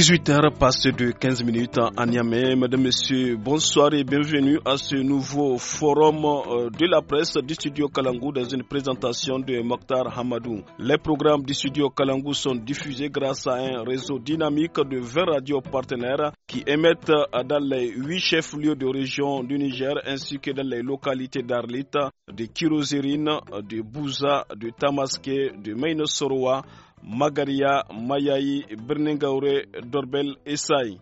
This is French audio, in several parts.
18h passé de 15 minutes à Niamey. Mesdames, Messieurs, bonsoir et bienvenue à ce nouveau forum euh, de la presse du studio Kalangou dans une présentation de Mokhtar Hamadou. Les programmes du studio Kalangou sont diffusés grâce à un réseau dynamique de 20 radios partenaires qui émettent dans les 8 chefs-lieux de région du Niger ainsi que dans les localités d'Arlita, de Kirozerine, de Bouza, de Tamaské, de Mainesoroa. Magaria, Mayaï, Berningaure, Dorbel et Saï.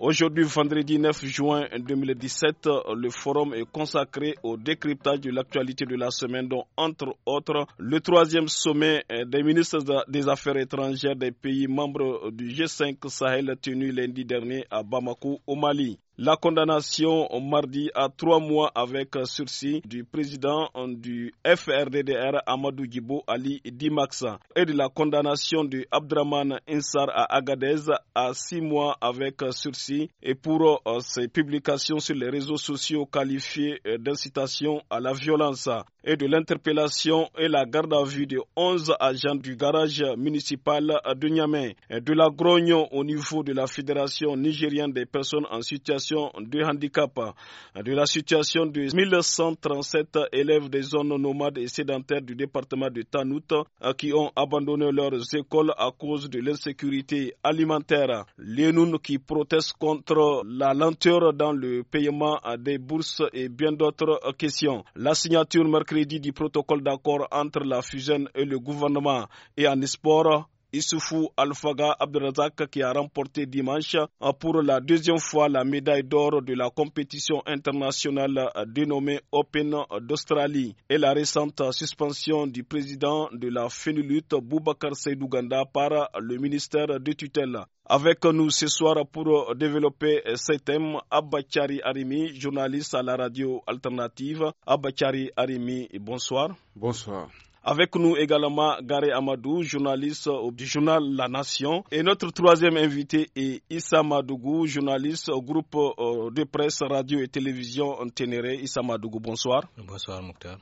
Aujourd'hui, vendredi 9 juin 2017, le forum est consacré au décryptage de l'actualité de la semaine, dont entre autres le troisième sommet euh, des ministres des Affaires étrangères des pays membres du G5 Sahel tenu lundi dernier à Bamako, au Mali. La condamnation mardi à trois mois avec sursis du président du FRDDR Amadou Gibo Ali Dimaxa et de la condamnation de Abdraman Insar à Agadez à six mois avec sursis et pour euh, ses publications sur les réseaux sociaux qualifiées euh, d'incitation à la violence et de l'interpellation et la garde à vue de 11 agents du garage municipal de Niamey, de la grognon au niveau de la Fédération nigérienne des personnes en situation du handicap. Euh, de la situation de 1137 élèves des zones nomades et sédentaires du département de Tanout euh, qui ont abandonné leurs écoles à cause de l'insécurité alimentaire. les Nouns qui protestent contre la lenteur dans le paiement euh, des bourses et bien d'autres questions. La signature mercredi du protocole d'accord entre la FUSION et le gouvernement et en espoir Issoufou Alfaga Abdelazak qui a remporté dimanche euh, pour la deuxième fois la médaille d'or de la compétition internationale euh, dénommée Open euh, d'Australie et la récente suspension du président de la FENULUT Boubacar Seydouganda par le ministère de tutelle. Avec nous ce soir pour développer ces thème, Abachari Arimi, journaliste à la radio alternative. Abachari Arimi, bonsoir. Bonsoir. Avec nous également Gary Amadou, journaliste du journal La Nation. Et notre troisième invité est Issa Madougou, journaliste au groupe euh, de presse radio et télévision Ténéré. Issa Madougou, bonsoir. Bonsoir Mokhtar.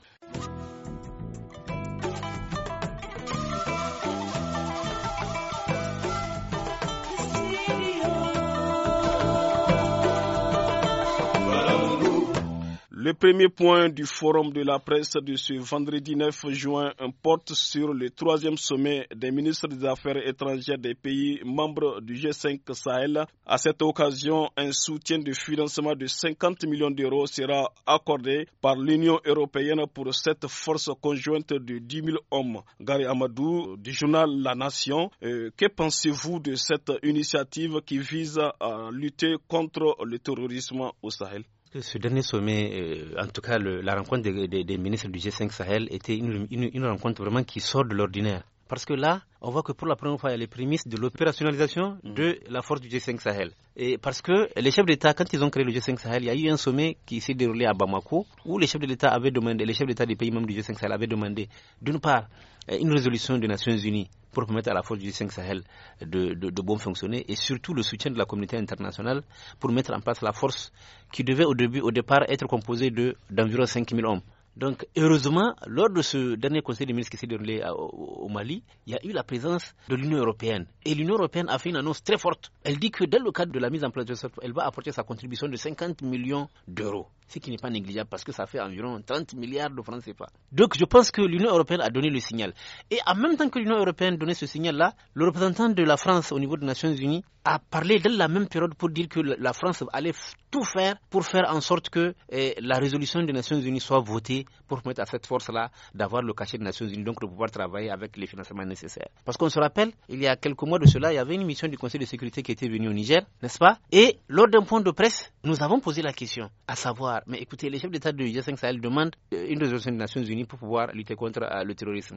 Le premier point du forum de la presse de ce vendredi 9 juin porte sur le troisième sommet des ministres des Affaires étrangères des pays membres du G5 Sahel. À cette occasion, un soutien de financement de 50 millions d'euros sera accordé par l'Union européenne pour cette force conjointe de 10 000 hommes. Gary Amadou, du journal La Nation, euh, que pensez-vous de cette initiative qui vise à lutter contre le terrorisme au Sahel? ce dernier sommet, euh, en tout cas la rencontre des, ministres du G5 Sahel, était une rencontre vraiment qui sort de l'ordinaire. Parce que là, on voit que pour la première fois, il y a les prémices de l'opérationnalisation mm. de la force du G5 Sahel. Et parce que les chefs d'État, quand ils ont créé le G5 Sahel, il y a eu un sommet qui s'est déroulé à Bamako, où les chefs d'État avaient demandé, les chefs d'État des pays membres du G5 Sahel avaient demandé, d'une part, euh, une résolution des Nations Unies pour permettre à la force du G5 Sahel de, bon fonctionner et surtout le soutien de la communauté internationale pour mettre en place la force qui devait au début, au départ, être composée de, d'environ mille hommes. Donc, heureusement, lors de ce dernier conseil des ministres qui s'est déroulé au Mali, il y a eu la présence de l'Union européenne. Et l'Union européenne a fait une annonce très forte. Elle dit que dans le cadre de la mise en place de cette, elle va apporter sa contribution de 50 millions d'euros ce qui n'est pas négligeable parce que ça fait environ 30 milliards de francs CFA. Donc je pense que l'Union européenne a donné le signal. Et en même temps que l'Union européenne donnait ce signal-là, le représentant de la France au niveau des Nations Unies a parlé dans la même période pour dire que la France allait tout faire pour faire en sorte que eh, la résolution des Nations Unies soit votée pour permettre à cette force-là d'avoir le cachet des Nations Unies, donc de pouvoir travailler avec les financements nécessaires. Parce qu'on se rappelle, il y a quelques mois de cela, il y avait une mission du Conseil de sécurité qui était venue au Niger, n'est-ce pas Et lors d'un point de presse, nous avons posé la question, à savoir mais écoutez, les chefs d'État du G5 Sahel demandent euh, une résolution des Nations Unies pour pouvoir lutter contre euh, le terrorisme,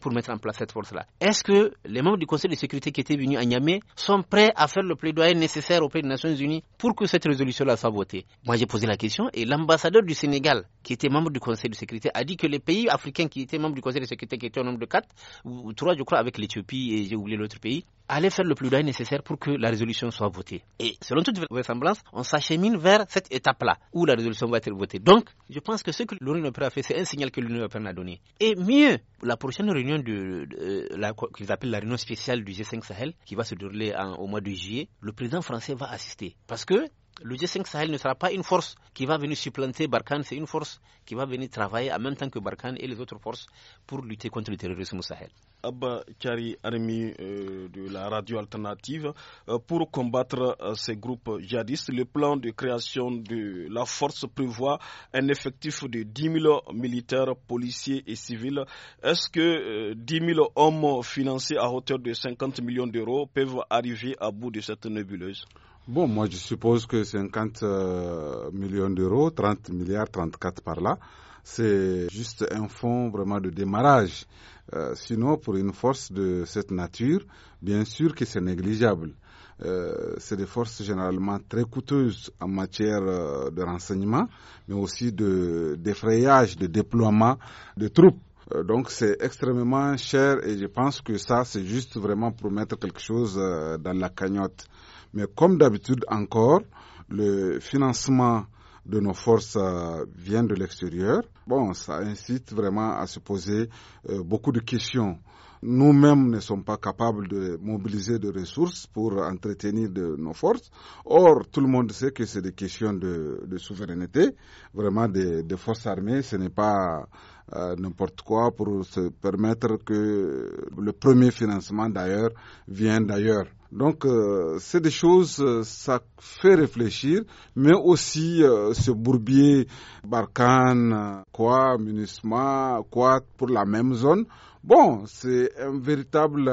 pour mettre en place cette force-là. Est-ce que les membres du Conseil de sécurité qui étaient venus à Niamey sont prêts à faire le plaidoyer nécessaire auprès des Nations Unies pour que cette résolution-là soit votée Moi, j'ai posé la question et l'ambassadeur du Sénégal, qui était membre du Conseil de sécurité, a dit que les pays africains qui étaient membres du Conseil de sécurité, qui étaient au nombre de quatre ou trois, je crois, avec l'Éthiopie et j'ai oublié l'autre pays, aller faire le plus loin nécessaire pour que la résolution soit votée. Et selon toute vraisemblance, on s'achemine vers cette étape-là où la résolution va être votée. Donc, je pense que ce que l'Union européenne a fait, c'est un signal que l'Union européenne a donné. Et mieux, la prochaine réunion de, euh, qu'ils appellent la réunion spéciale du G5 Sahel, qui va se dérouler au mois de juillet, le président français va assister. Parce que le G5 Sahel ne sera pas une force qui va venir supplanter Barkhane, c'est une force qui va venir travailler en même temps que Barkhane et les autres forces pour lutter contre le terrorisme au Sahel. Abba Kari Armi euh, de la radio alternative, euh, pour combattre euh, ces groupes djihadistes, le plan de création de la force prévoit un effectif de 10 000 militaires, policiers et civils. Est-ce que 10 000 hommes financés à hauteur de 50 millions d'euros peuvent arriver à bout de cette nébuleuse Bon, moi je suppose que 50 euh, millions d'euros, 30 milliards, 34 par là, c'est juste un fonds vraiment de démarrage. Euh, sinon, pour une force de cette nature, bien sûr que c'est négligeable. Euh, c'est des forces généralement très coûteuses en matière euh, de renseignement, mais aussi de d'effrayage, de déploiement de troupes. donc c'est extrêmement cher et je pense que ça c'est juste vraiment pour mettre quelque chose dans la cagnotte. Mais comme d'habitude encore, le financement de nos forces euh, vient de l'extérieur. Bon, ça incite vraiment à se poser euh, beaucoup de questions. Nous-mêmes ne sommes pas capables de mobiliser de ressources pour entretenir de nos forces. Or, tout le monde sait que c'est des questions de, souveraineté, vraiment des, forces armées. Ce n'est pas euh, n'importe quoi pour se permettre que le premier financement d'ailleurs vienne d'ailleurs. Donc, euh, c'est des choses, euh, ça fait réfléchir, mais aussi euh, ce bourbier Barkhane, quoi, Munisma, quoi, pour la même zone. Bon, c'est un véritable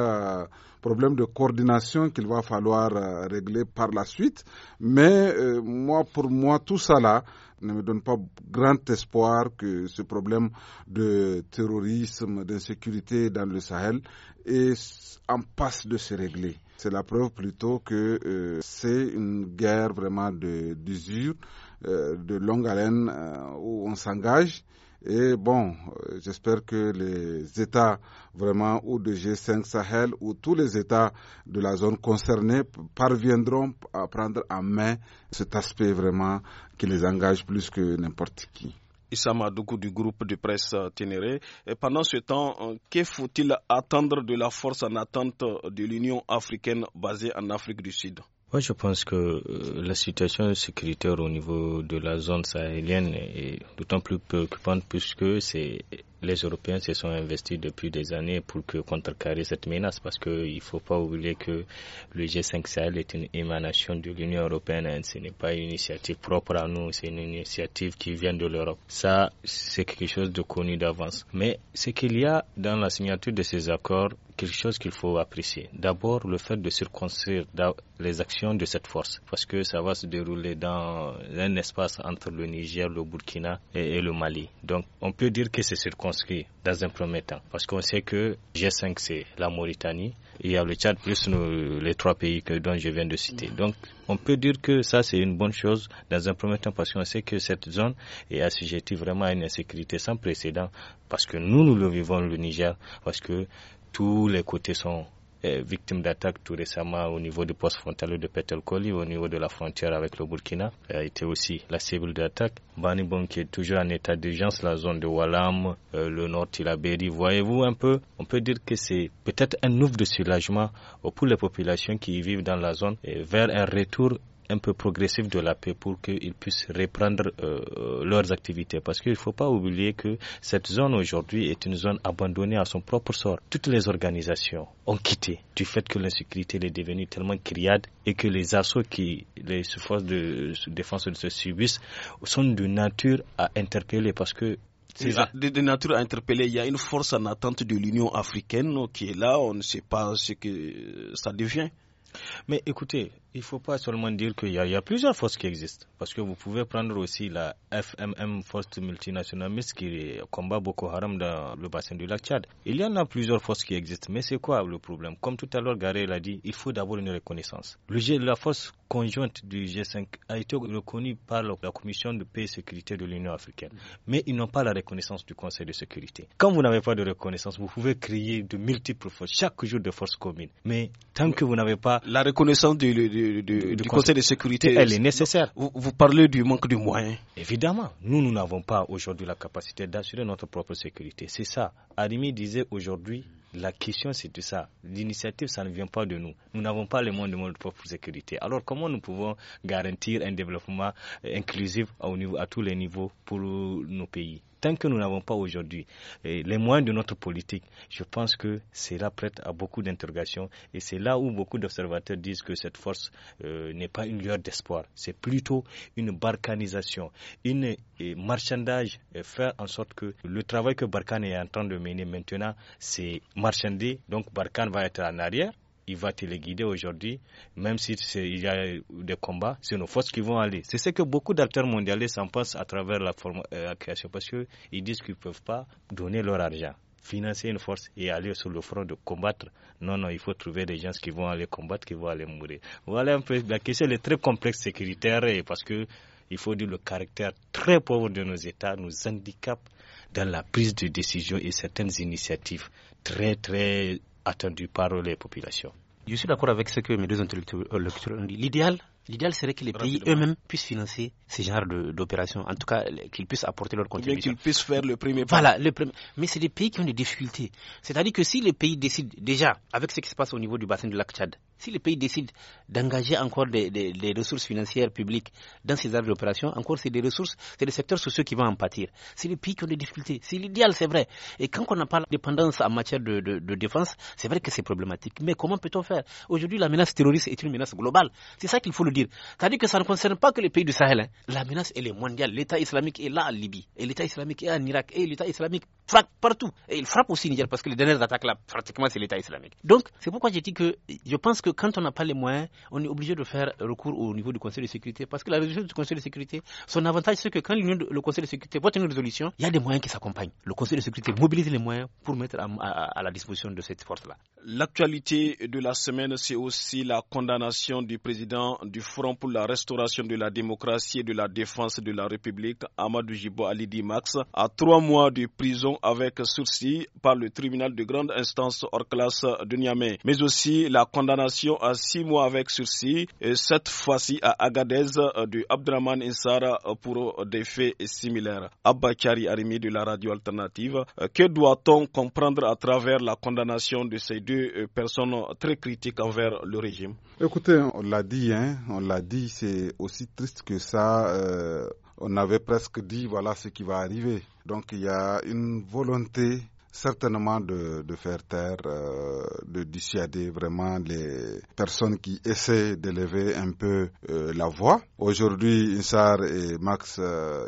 problème de coordination qu'il va falloir régler par la suite. Mais moi, pour moi, tout ça là, ne me donne pas grand espoir que ce problème de terrorisme, d'insécurité dans le Sahel est en passe de se régler. C'est la preuve plutôt que euh, c'est une guerre vraiment de d'usure, de, euh, de longue haleine euh, où on s'engage. Et bon, j'espère que les États vraiment ou de G5 Sahel ou tous les États de la zone concernée parviendront à prendre en main cet aspect vraiment qui les engage plus que n'importe qui. Issa Dougou du groupe de presse Ténéré. Et pendant ce temps, euh, que faut-il attendre de la force en attente de l'Union africaine basée en Afrique du Sud moi, je pense que euh, la situation sécuritaire au niveau de la zone sahélienne est d'autant plus préoccupante puisque c'est les Européens se sont investis depuis des années pour que contrecarrer cette menace parce qu'il ne faut pas oublier que le G5 Sahel est une émanation de l'Union européenne. Hein. Ce n'est pas une initiative propre à nous, c'est une initiative qui vient de l'Europe. Ça, c'est quelque chose de connu d'avance. Mais ce qu'il y a dans la signature de ces accords, quelque chose qu'il faut apprécier. D'abord, le fait de circonscrire les actions de cette force, parce que ça va se dérouler dans un espace entre le Niger, le Burkina et, le Mali. Donc, on peut dire que c'est circonscrit dans un premier temps, parce qu'on sait que G5, c'est la Mauritanie, il y a le Tchad plus les trois pays que, dont je viens de citer. Mm. Donc, on peut dire que ça, c'est une bonne chose dans un premier temps, parce qu'on sait que cette zone est assujettie vraiment à une insécurité sans précédent, parce que nous, nous le vivons, le Niger, parce que tous les côtés sont eh, victimes d'attaques tout récemment au niveau du poste frontal de Petelkoli, au niveau de la frontière avec le Burkina, a été aussi la cible d'attaque. Banibon qui est toujours en état d'urgence, la zone de Walam, euh, le nord Tilaberi, voyez-vous un peu, on peut dire que c'est peut-être un ouf de soulagement pour les populations qui vivent dans la zone et vers un retour un peu progressif de la paix pour qu'ils puissent reprendre euh, euh, leurs activités. Parce qu'il ne faut pas oublier que cette zone aujourd'hui est une zone abandonnée à son propre sort. Toutes les organisations ont quitté du fait que l'insécurité est devenue tellement criade et que les assauts qui les forces de, défense se subissent sont de nature à interpeller parce que de, nature à interpeller. Il y a une force en attente de l'Union africaine qui est là. On ne sait pas ce que ça devient. Mais écoutez, il ne faut pas seulement dire qu'il y, a plusieurs forces qui existent. Parce que vous pouvez prendre aussi la FMM, force multinationaliste, qui combat Boko Haram dans le bassin du lac Tchad. Il y en a plusieurs forces qui existent. Mais c'est quoi le problème Comme tout à l'heure, Garel l'a dit, il faut d'abord une reconnaissance. Le la force conjointe du G5 a été reconnue par la Commission de paix et sécurité de l'Union africaine. Mais ils n'ont pas la reconnaissance du Conseil de sécurité. Quand vous n'avez pas de reconnaissance, vous pouvez créer de multiples forces, chaque jour de forces communes. Mais tant que vous n'avez pas... La reconnaissance du du, Conseil de sécurité, elle est nécessaire. Vous, parlez du manque de moyens. Évidemment, nous, nous n'avons pas aujourd'hui la capacité d'assurer notre propre sécurité. C'est ça. Arimi disait aujourd'hui, la question c'est de ça. L'initiative, ça ne vient pas de nous. Nous n'avons pas le moyens de notre propre sécurité. Alors comment nous pouvons garantir un développement inclusif à tous les niveaux pour nos pays tant que nous n'avons pas aujourd'hui eh, les moyens de notre politique, je pense que cela prête à beaucoup d'interrogations et c'est là où beaucoup d'observateurs disent que cette force euh, n'est pas une lueur d'espoir, c'est plutôt une barcanisation, une eh, marchandage, eh, faire en sorte que le travail que Barkhane est en train de mener maintenant, c'est marchander, donc Barkhane va être en arrière il va te les guider aujourd'hui, même s'il y a des combats, c'est nos forces qui vont aller. C'est ce que beaucoup d'acteurs mondialistes s'en pensent à travers la, euh, création, parce qu'ils disent qu'ils ne peuvent pas donner leur argent financer une force et aller sur le front de combattre. Non, non, il faut trouver des gens qui vont aller combattre, qui vont aller mourir. Voilà un peu la question, elle très complexe sécuritaire parce que il faut dire le caractère très pauvre de nos États nous handicape dans la prise de décision et certaines initiatives très très attendu par les populations. Je suis d'accord avec ce que mes deux intellectuels euh, ont dit. L'idéal, l'idéal serait que les pays eux-mêmes puissent financer ce genre d'opérations. En tout cas, qu'ils puissent apporter leur contribution. qu'ils puissent faire le premier pas. Voilà, le premier. Mais c'est des pays qui ont des difficultés. C'est-à-dire que si les pays décident déjà, avec ce qui se passe au niveau du bassin du lac Tchad, si les pays décident d'engager encore des, ressources financières publiques dans ces armes d'opération, encore c'est des ressources, c'est des secteurs sociaux qui vont en pâtir. C'est les pays qui ont des difficultés. C'est l'idéal, c'est vrai. Et quand on n'a pas la dépendance en matière de, défense, c'est vrai que c'est problématique. Mais comment peut-on faire Aujourd'hui, la menace terroriste est une menace globale. C'est ça qu'il faut le dire. C'est-à-dire que ça ne concerne pas que les pays du Sahel. Hein. La menace, elle est mondiale. L'État islamique est là en Libye. Et l'État islamique est en Irak. Et l'État islamique frappe partout. Et il frappe aussi Niger parce que les dernières attaques là, pratiquement, c'est l'État islamique. Donc, c'est pourquoi j'ai dit que je pense que quand on n'a pas les moyens, on est obligé de faire recours au niveau du Conseil de sécurité. Parce que la résolution du Conseil de sécurité, son avantage, c'est que quand le Conseil de sécurité vote une résolution, il y a des moyens qui s'accompagnent. Le Conseil de sécurité mobilise les moyens pour mettre à la disposition de cette force-là. L'actualité de la semaine, c'est aussi la condamnation du président du Front pour la restauration de la démocratie et de la défense de la République, Amadou Jibo Ali Dimax, à trois mois de prison avec sursis par le tribunal de grande instance hors classe de Niamey, mais aussi la condamnation à six mois avec sursis, et cette fois-ci à Agadez de Abdraman Insara pour des faits similaires. Abba Kari Arimi de la radio alternative, que doit-on comprendre à travers la condamnation de ces deux euh, personnes très critiques envers le régime Écoutez, on l'a dit, hein, on l'a dit, c'est aussi triste que ça. Euh, on avait presque dit voilà ce qui va arriver. Donc il y a une volonté certainement de, faire taire, euh, de dissuader vraiment les personnes qui essaient d'élever un peu la voix. Aujourd'hui, Insar et Max,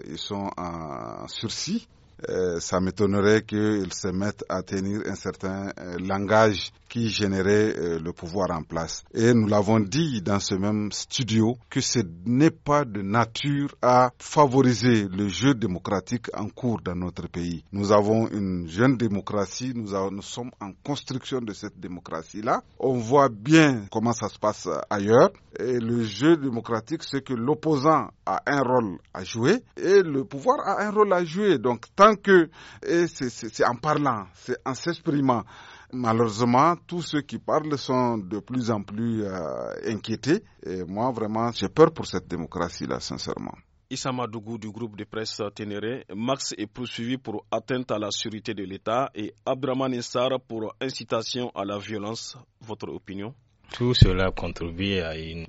ils sont en sursis. Euh, ça m'étonnerait qu'ils se mettent à tenir un certain euh, langage qui générait euh, le pouvoir en place. Et nous l'avons dit dans ce même studio que ce n'est pas de nature à favoriser le jeu démocratique en cours dans notre pays. Nous avons une jeune démocratie, nous, nous sommes en construction de cette démocratie-là. On voit bien comment ça se passe ailleurs. Et le jeu démocratique, c'est que l'opposant a un rôle à jouer et le pouvoir a un rôle à jouer. Donc, tant que c'est en parlant, c'est en s'exprimant. Malheureusement, tous ceux qui parlent sont de plus en plus euh, inquiétés. Et moi, vraiment, j'ai peur pour cette démocratie-là, sincèrement. Issa Madougou du groupe de presse Ténéré, Max est poursuivi pour atteinte à la sûreté de l'État et abraham Essar pour incitation à la violence. Votre opinion tout cela contribue à une,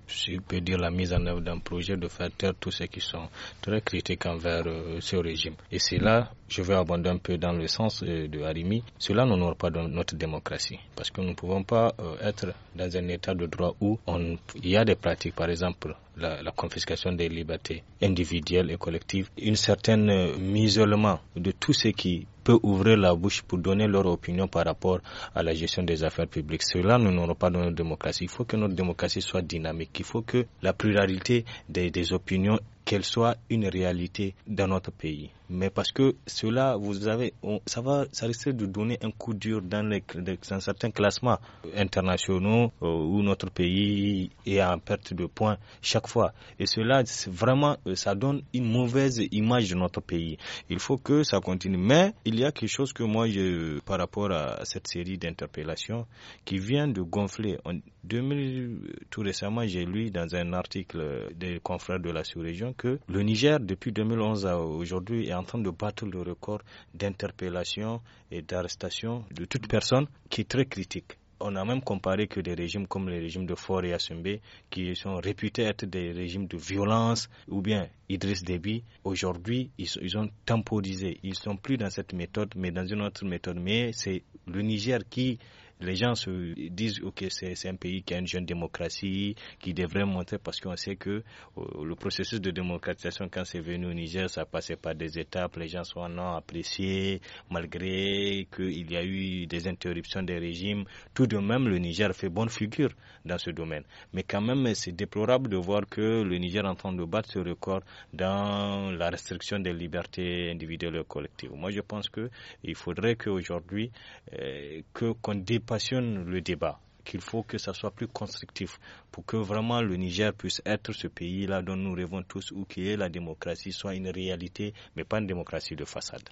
dire, la mise en œuvre d'un projet de faire taire tous ceux qui sont très critiques envers euh, ce régime. Et cela je vais abonder un peu dans le sens euh, de Harimi, cela n'honore pas notre démocratie. Parce que nous ne pouvons pas euh, être dans un état de droit où on, il y a des pratiques, par exemple la, confiscation des libertés individuelles et collectives, une certaine au euh, isolement de tous ceux qui peut ouvrir la bouche pour donner leur opinion par rapport à la gestion des affaires publiques. Cela, nous n'aurons pas dans notre démocratie. Il faut que notre démocratie soit dynamique. Il faut que la pluralité des opinions qu'elle soit une réalité dans notre pays. Mais parce que cela, vous avez, ça va, ça risque de donner un coup dur dans, les, dans certains classements internationaux euh, où notre pays est en perte de points chaque fois. Et cela, vraiment, euh, ça donne une mauvaise image de notre pays. Il faut que ça continue. Mais il y a quelque chose que moi, je, par rapport à cette série d'interpellations, qui vient de gonfler. En 2000, tout récemment, j'ai lu dans un article des confrères de la sous-région que le Niger, depuis 2011 à aujourd'hui, est en train de battre le record d'interpellation et d'arrestation de toute personne qui est très critique. On a même comparé que des régimes comme les régimes de Faure et qui sont réputés être des régimes de violence, ou bien Idriss Déby, aujourd'hui, ils, ils, ont temporisé. Ils ne sont plus dans cette méthode, mais dans une autre méthode. Mais c'est le Niger qui les gens se disent ok c'est un pays qui a une jeune démocratie qui devrait monter parce qu'on sait que euh, le processus de démocratisation quand c'est venu au Niger ça passait par des étapes les gens sont ont apprécié, malgré qu'il y a eu des interruptions des régimes tout de même le Niger fait bonne figure dans ce domaine mais quand même c'est déplorable de voir que le Niger est en train de battre ce record dans la restriction des libertés individuelles et collectives moi je pense que il faudrait qu'aujourd'hui euh, que qu'on passionne le débat, qu'il faut que ça soit plus constructif pour que vraiment le Niger puisse être ce pays-là dont nous rêvons tous ou que la démocratie soit une réalité, mais pas une démocratie de façade.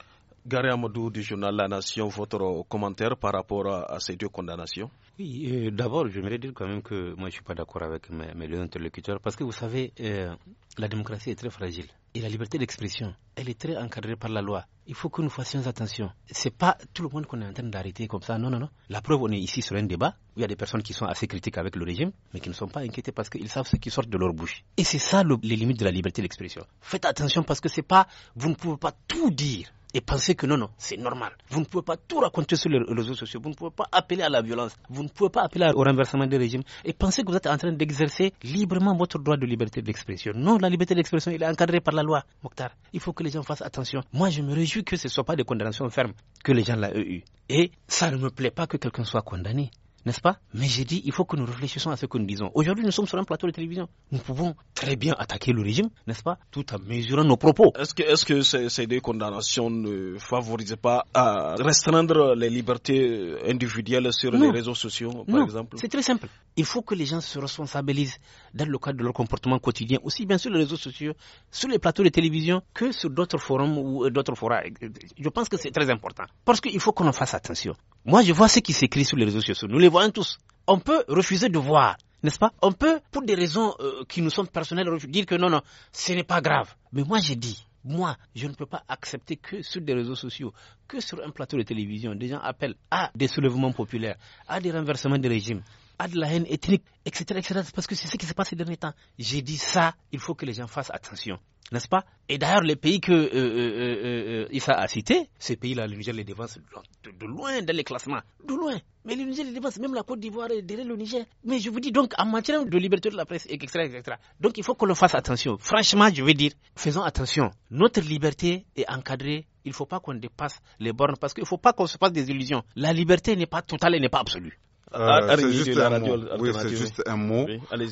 Gary Amadou du journal La Nation, votre commentaire par rapport à ces deux condamnations oui, d'abord, j'aimerais dire quand même que moi, je ne suis pas d'accord avec mes, deux interlocuteurs parce que vous savez, euh, la démocratie est très fragile et la liberté d'expression, elle est très encadrée par la loi. Il faut que nous fassions attention. n'est pas tout le monde qu'on est en train d'arrêter comme ça. Non, non, non. La preuve, on est ici sur un débat où il y a des personnes qui sont assez critiques avec le régime, mais qui ne sont pas inquiétées parce qu'ils savent ce qui sort de leur bouche. Et c'est ça les limites de la liberté d'expression. Faites attention parce que c'est pas, vous ne pouvez pas tout dire et pensez que non, non, c'est normal. Vous ne pouvez pas tout raconter sur les réseaux sociaux, vous ne pouvez pas appeler à la violence, vous ne pouvez pas appeler au renversement du régime et pensez que vous êtes en train d'exercer librement votre droit de liberté d'expression. Non, la liberté d'expression, elle est encadrée par la loi, Mokhtar. Il faut que les gens fassent attention. Moi, je me réjouis que ce ne soit pas des condamnations fermes que les gens l'ont eu. Et ça ne me plaît pas que quelqu'un soit condamné n'est-ce pas Mais j'ai dit, il faut que nous réfléchissions à ce que nous disons. Aujourd'hui, nous sommes sur un plateau de télévision. Nous pouvons très bien attaquer le régime, n'est-ce pas Tout en mesurant nos propos. Est-ce que, ces, deux condamnations ne favorisent pas à restreindre les libertés individuelles sur les réseaux sociaux, par non. exemple C'est très simple. Il faut que les gens se responsabilisent dans le cadre de leur comportement quotidien, aussi bien sur les réseaux sociaux, sur les plateaux de télévision que sur d'autres forums ou euh, d'autres forums. Euh, je pense que c'est très important parce qu'il faut qu'on en fasse attention. Moi, je vois ce qui s'écrit sur les réseaux sociaux. Nous les voyons tous. On peut refuser de voir n'est-ce pas On peut, pour des raisons euh, qui nous sont personnelles, dire que non, non, ce n'est pas grave. Mais moi, j'ai dit, moi, je ne peux pas accepter que sur des réseaux sociaux, que sur un plateau de télévision, des gens appellent à des soulèvements populaires, à des renversements de régime, à de la haine ethnique, etc., etc. Parce que c'est ce qui s'est passé ces derniers temps. J'ai dit ça, il faut que les gens fassent attention. N'est-ce pas Et d'ailleurs, les pays que euh, euh, euh, euh a cités, ces pays-là, le Niger les devance de, loin dans les classements. De loin. Mais le Niger les dévance, même la Côte d'Ivoire est derrière le Niger. Mais je vous dis donc, en matière de liberté de la presse, etc., etc. Donc, il faut qu'on le fasse attention. Franchement, je veux dire, faisons attention. Notre liberté est encadrée. Il ne faut pas qu'on dépasse les bornes parce qu'il ne faut pas qu'on se fasse des illusions. La liberté n'est pas totale et n'est pas absolue. Euh, ah, c'est juste, un mot.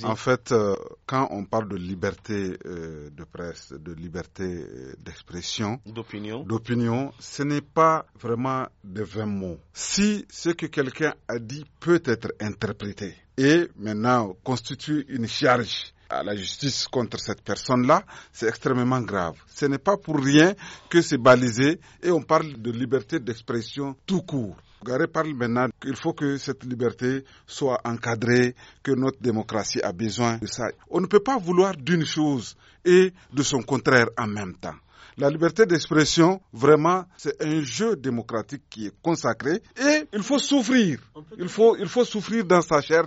en fait, euh, quand on parle de liberté euh, de presse, de liberté d'expression, d'opinion, ce n'est pas vraiment de 20 mots. Si ce que quelqu'un a dit peut être interprété et maintenant constitue une charge à la justice contre cette personne-là, c'est extrêmement grave. Ce n'est pas pour rien que c'est balisé et on parle de liberté d'expression tout court. Garé parle maintenant qu'il faut que cette liberté soit encadrée, que notre démocratie a besoin de ça. On ne peut pas vouloir d'une chose et de son contraire en même temps. La liberté d'expression, vraiment, c'est un jeu démocratique qui est consacré et il faut souffrir. Il faut, il faut souffrir dans sa chair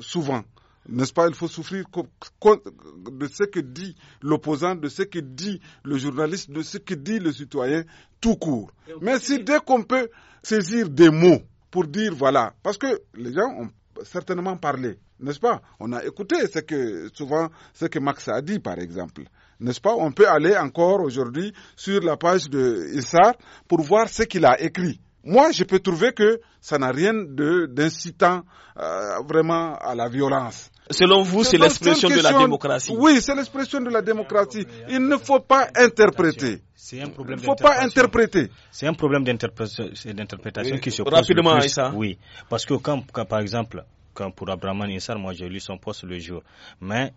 souvent. N'est-ce pas Il faut souffrir de ce que dit l'opposant, de ce que dit le journaliste, de ce que dit le citoyen, tout court. Mais si dès qu'on peut saisir des mots pour dire voilà, parce que les gens ont certainement parlé, n'est-ce pas On a écouté ce que souvent ce que Max a dit par exemple. N'est-ce pas On peut aller encore aujourd'hui sur la page de Issar pour voir ce qu'il a écrit. Moi, je peux trouver que ça n'a rien d'incitant euh, vraiment à la violence. Selon vous, c'est l'expression de la démocratie. Oui, c'est l'expression de la démocratie. Il ne faut pas interpréter. Il ne faut pas interpréter. C'est un problème d'interprétation qui se pose. Rapidement, Issa. Oui, parce que quand, par exemple, quand pour Abraham Insar, moi j'ai lu son poste le jour, mais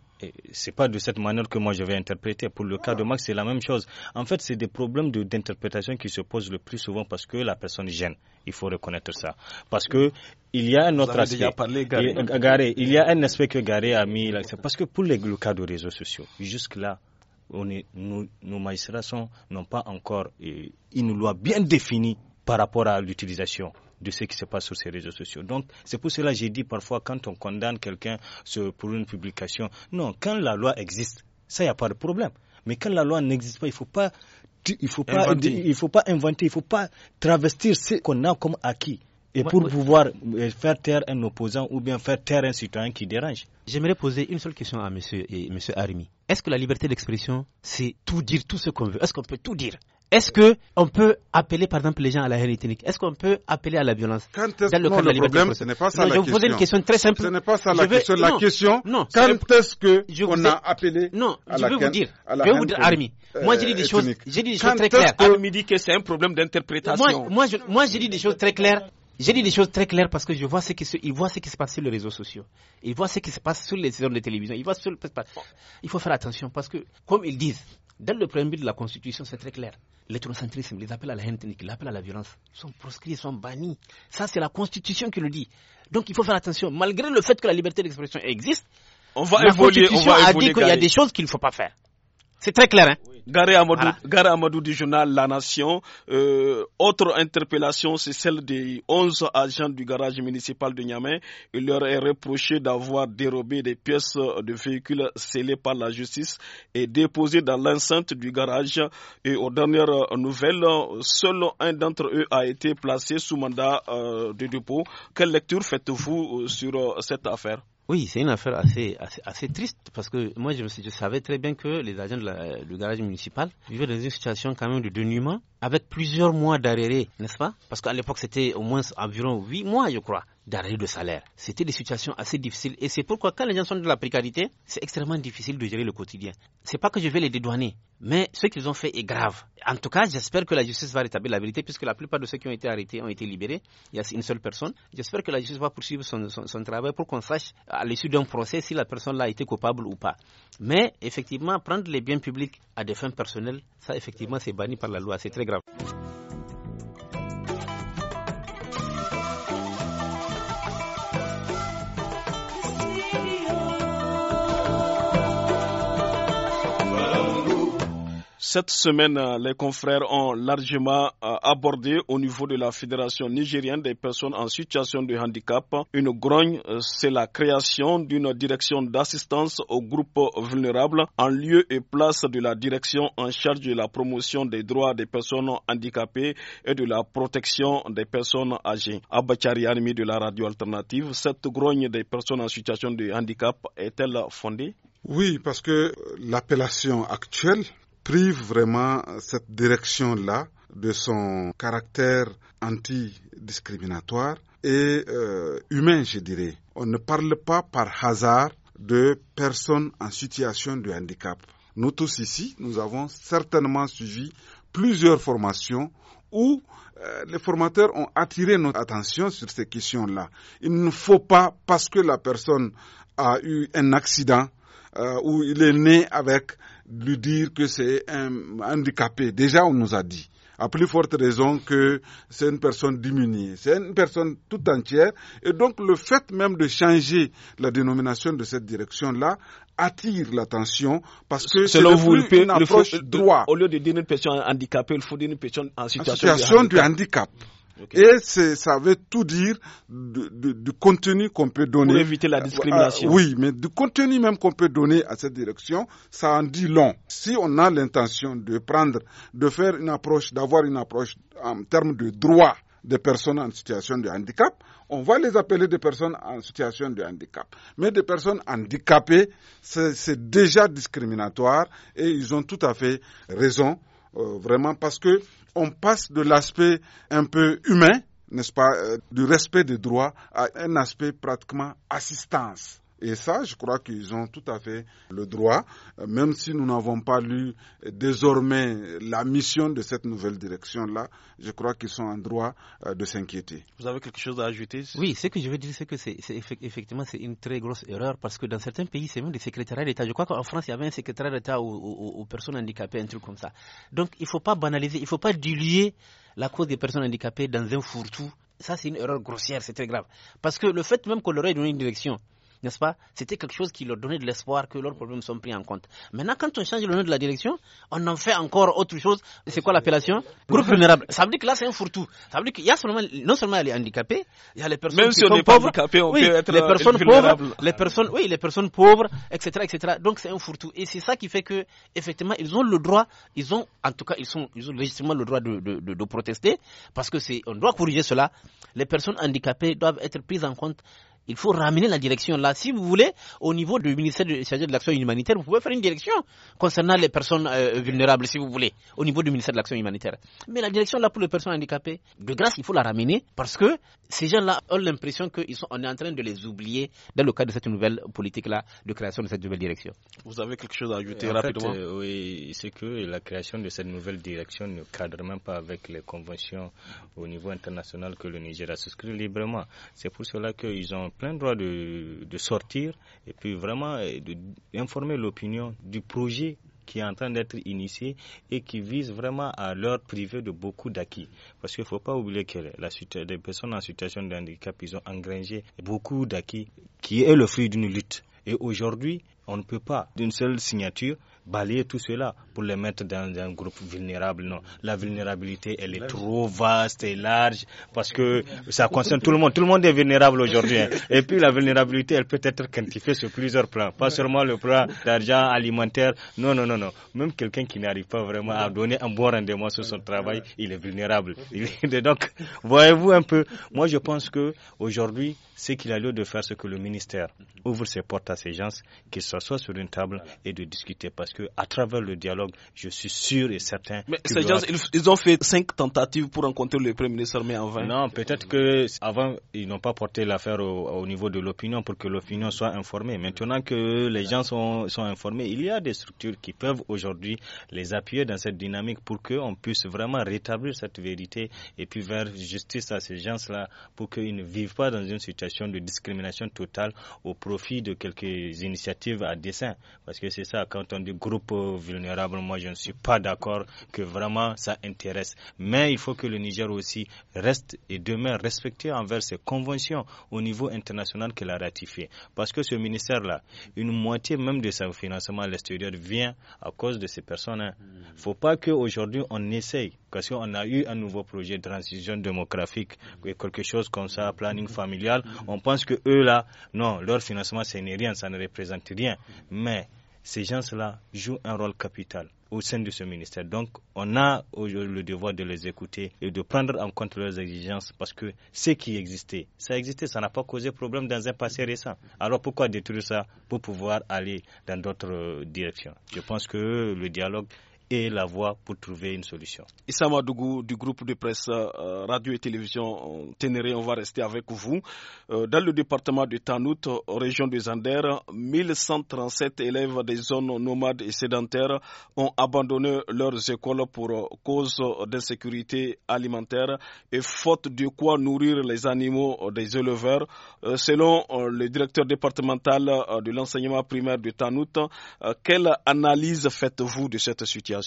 c'est pas de cette manière que moi je vais interpréter. Pour le cas de Max, c'est la même chose. En fait, c'est des problèmes d'interprétation qui se posent le plus souvent parce que la personne gêne. Il faut reconnaître ça. Parce que il y a un autre aspect. Euh, euh, il, y a un aspect que Garé a mis Parce que pour les, le cas de réseaux sociaux, jusque-là, on nos magistrats n'ont pas encore euh, une loi bien définie par rapport à l'utilisation de ce qui se passe sur ces réseaux sociaux. Donc, c'est pour cela que j'ai dit parfois quand on condamne quelqu'un pour une publication, non, quand la loi existe, ça, il n'y a pas de problème. Mais quand la loi n'existe pas, il ne faut pas il faut pas inventer. il faut pas inventer, il faut pas travestir ce qu'on a comme acquis et pour pouvoir euh, faire taire un opposant ou bien faire taire un citoyen qui dérange. J'aimerais poser une seule question à monsieur et monsieur Arimi. Est-ce que la liberté d'expression, c'est tout dire, tout ce qu'on veut Est-ce qu'on peut tout dire est-ce que on peut appeler, par exemple, les gens à la haine ethnique Est-ce qu'on peut appeler à la violence Quand est-ce que le, non, problème, ce n'est pas ça la question. Je vous pose une question très simple. Ce n'est pas ça la question. la question, quand est-ce que on a appelé Non, à je vais vous dire. Je vais vous dire, Armi. Moi, j'ai dit des choses, des choses très claires. Armi dit que c'est un problème d'interprétation. Moi, moi, je des choses très claires. J'ai dit des choses très claires parce que je vois ce qui se, voient ce qui se passe sur les réseaux sociaux. Il voit ce qui se passe sur les séries de télévision. Ils voient sur. Il faut faire attention parce que, comme ils disent, dans le premier but de la Constitution, c'est très clair. L'hétérocentrisme, les appels à la haine ethnique, l'appel à la violence sont proscrits, sont bannis. Ça, c'est la Constitution qui le dit. Donc, il faut faire attention. Malgré le fait que la liberté d'expression existe, on va la évoluer, Constitution on va a dit qu'il y a des choses qu'il ne faut pas faire. C'est très clair. Hein Garé Amadou, Garé du journal La Nation. Euh, autre interpellation, c'est celle des 11 agents du garage municipal de Niamey. Il leur est reproché d'avoir dérobé des pièces de véhicules scellées par la justice et déposées dans l'enceinte du garage. Et aux dernières nouvelles, seul un d'entre eux a été placé sous mandat euh, de dépôt. Quelle lecture faites-vous euh, sur cette affaire oui, c'est une affaire assez, assez, triste parce que moi je, je, savais très bien que les agents du garage municipal vivaient dans une situation quand même de dénuement avec plusieurs mois d'arrêt, n'est-ce pas Parce qu'à l'époque, c'était au moins environ 8 mois, je crois, d'arrêt de salaire. C'était des situations assez difficiles. Et c'est pourquoi, quand les gens sont dans la précarité, c'est extrêmement difficile de gérer le quotidien. C'est pas que je vais les dédouaner, mais ce qu'ils ont fait est grave. En tout cas, j'espère que la justice va rétablir la vérité, puisque la plupart de ceux qui ont été arrêtés ont été libérés. Il y a une seule personne. J'espère que la justice va poursuivre son, son, travail pour qu'on sache, à l'issue d'un procès, si la personne-là a été coupable ou pas. Mais, effectivement, prendre les biens publics à des fins personnelles, ça, effectivement, c'est banni par la loi. C'est très Telegram. Cette semaine, euh, les confrères ont largement euh, abordé au niveau de la Fédération nigérienne des personnes en situation de handicap une grogne, euh, c'est la création d'une direction d'assistance aux groupes vulnérables en lieu et place de la direction en charge de la promotion des droits des personnes handicapées et de la protection des personnes âgées. Abachari Animi de la radio alternative, cette grogne des personnes en situation de handicap est-elle fondée oui, parce que l'appellation actuelle prive vraiment cette direction-là de son caractère antidiscriminatoire et euh, humain, je dirais. On ne parle pas par hasard de personnes en situation de handicap. Nous tous ici, nous avons certainement suivi plusieurs formations où euh, les formateurs ont attiré notre attention sur ces questions-là. Il ne faut pas, parce que la personne a eu un accident euh, ou il est né avec lui dire que c'est un handicapé. Déjà, on nous a dit à plus forte raison que c'est une personne diminuée, c'est une personne tout entière. Et donc le fait même de changer la dénomination de cette direction-là attire l'attention parce que c'est vous une approche droit. au lieu de dire une personne handicapée, il faut dire une personne en situation, de handicap. Et ça veut tout dire du, contenu qu'on peut donner. Pour éviter la euh, discrimination. Euh, oui, mais du contenu même qu'on peut donner à cette direction, ça en dit long. Si on a l'intention de prendre, de faire une approche, d'avoir une approche en termes de droit des personnes en situation de handicap, on va les appeler des personnes en situation de handicap. Mais des personnes handicapées, c'est déjà discriminatoire et ils ont tout à fait raison, euh, vraiment, parce que on passe de l'aspect un peu humain, n'est-ce pas, euh, du respect des droits à un aspect pratiquement assistance. Et ça, je crois qu'ils ont tout à fait le droit, euh, même si nous n'avons pas lu désormais la mission de cette nouvelle direction-là, je crois qu'ils sont en droit euh, de s'inquiéter. Vous avez quelque chose à ajouter Oui, ce que je veux dire, c'est que c'est effectivement c'est une très grosse erreur parce que dans certains pays, c'est même des secrétariats d'État. Je crois qu'en France, il y avait un secrétariat d'État aux, personnes handicapées, un truc comme ça. Donc, il ne faut pas banaliser, il ne faut pas diluer la cause des personnes handicapées dans un fourre-tout. Ça, c'est une erreur grossière, c'est très grave. Parce que le fait même qu'on leur ait donné une direction, n'est-ce pas C'était quelque chose qui leur donnait de l'espoir que leurs problèmes sont pris en compte. Maintenant, quand on change le nom de la direction, on en fait encore autre chose. C'est quoi l'appellation Groupe vulnérable. Ça veut dire que là, c'est un fourre-tout. Ça veut dire qu'il y a seulement, non seulement les handicapés, il y a les personnes Même si on pauvres. Pas on peut être les euh, personnes pauvres, les personnes, oui, les personnes pauvres, etc., etc. Donc c'est un fourre-tout. Et c'est ça qui fait que, effectivement, ils ont le droit, ils ont, en tout cas, ils, sont, ils ont légitimement le droit de, de, protester parce que c'est, on doit corriger cela. Les personnes handicapées doivent être prises en compte il faut ramener la direction là. Si vous voulez, au niveau du ministère de, l'Action humanitaire, vous pouvez faire une direction concernant les personnes euh, vulnérables, si vous voulez, au niveau du ministère de l'Action humanitaire. Mais la direction là pour les personnes handicapées, de grâce, il faut la ramener parce que ces gens-là ont l'impression qu'on est en train de les oublier dans le cadre de cette nouvelle politique-là de création de cette nouvelle direction. Vous avez quelque chose à euh, ajouter rapidement euh, Oui, c'est que la création de cette nouvelle direction ne cadre même pas avec les conventions au niveau international que le Niger a souscrit librement. C'est pour cela qu'ils ont plein droit de, de sortir et puis vraiment euh, d'informer l'opinion du projet qui est en train d'être initié et qui vise vraiment à leur priver de beaucoup d'acquis. Parce qu'il ne faut pas oublier que la, les personnes en situation de handicap, ils ont engrangé beaucoup d'acquis qui est le fruit d'une lutte. Et aujourd'hui, on ne peut pas, d'une seule signature, balayer tout cela pour les mettre dans un groupe vulnérable. Non, la vulnérabilité, elle est trop vaste et large parce que ça concerne tout le monde. Tout le monde est vulnérable aujourd'hui. Hein. Et puis la vulnérabilité, elle peut être quantifiée sur plusieurs plans, pas seulement le plan d'argent alimentaire. Non, non, non, non. Même quelqu'un qui n'arrive pas vraiment à donner un bon rendement sur son travail, il est vulnérable. Il Donc, voyez-vous un peu. Moi, je pense que aujourd'hui, c'est qu'il a lieu de faire ce que le ministère ouvre ses portes à ces gens, qu'ils s'assoient sur une table et de discuter parce que à travers le dialogue, je suis sûr et certain. Mais ces gens, ils, ont fait cinq tentatives pour rencontrer le Premier ministre, mais en vain. Non, peut-être que avant ils n'ont pas porté l'affaire au, niveau de l'opinion pour que l'opinion soit informée. Maintenant que les gens sont, informés, il y a des structures qui peuvent aujourd'hui les appuyer dans cette dynamique pour qu'on puisse vraiment rétablir cette vérité et puis vers justice à ces gens-là pour qu'ils ne vivent pas dans une situation de discrimination totale au profit de quelques initiatives à dessein. Parce que c'est ça, quand on dit Groupe vulnérables, moi je ne suis pas d'accord que vraiment ça intéresse. Mais il faut que le Niger aussi reste et demeure respecté envers ces conventions au niveau international qu'il a ratifiées. Parce que ce ministère-là, une moitié même de son financement à l'extérieur vient à cause de ces personnes. Il hein. ne mm. faut pas qu'aujourd'hui on essaye, parce qu'on a eu un nouveau projet de transition démographique, mm. quelque chose comme ça, planning mm. familial, on pense que eux là, non, leur financement, ce n'est rien, ça ne représente rien. Mais ces gens-là jouent un rôle capital au sein de ce ministère. Donc, on a aujourd'hui le devoir de les écouter et de prendre en compte leurs exigences parce que ce qui existait, ça existait, ça n'a pas causé problème dans un passé récent. Alors, pourquoi détruire ça pour pouvoir aller dans d'autres euh, directions Je pense que le dialogue et la voie pour trouver une solution. Issa Dougou du groupe de presse euh, radio et télévision euh, Ténéré, on va rester avec vous. Euh, dans le département de Tanout, région des Anders, 1137 élèves des zones nomades et sédentaires ont abandonné leurs écoles pour cause d'insécurité alimentaire et faute de quoi nourrir les animaux des éleveurs. selon le directeur départemental de l'enseignement primaire du Tanout, quelle analyse faites-vous de cette situation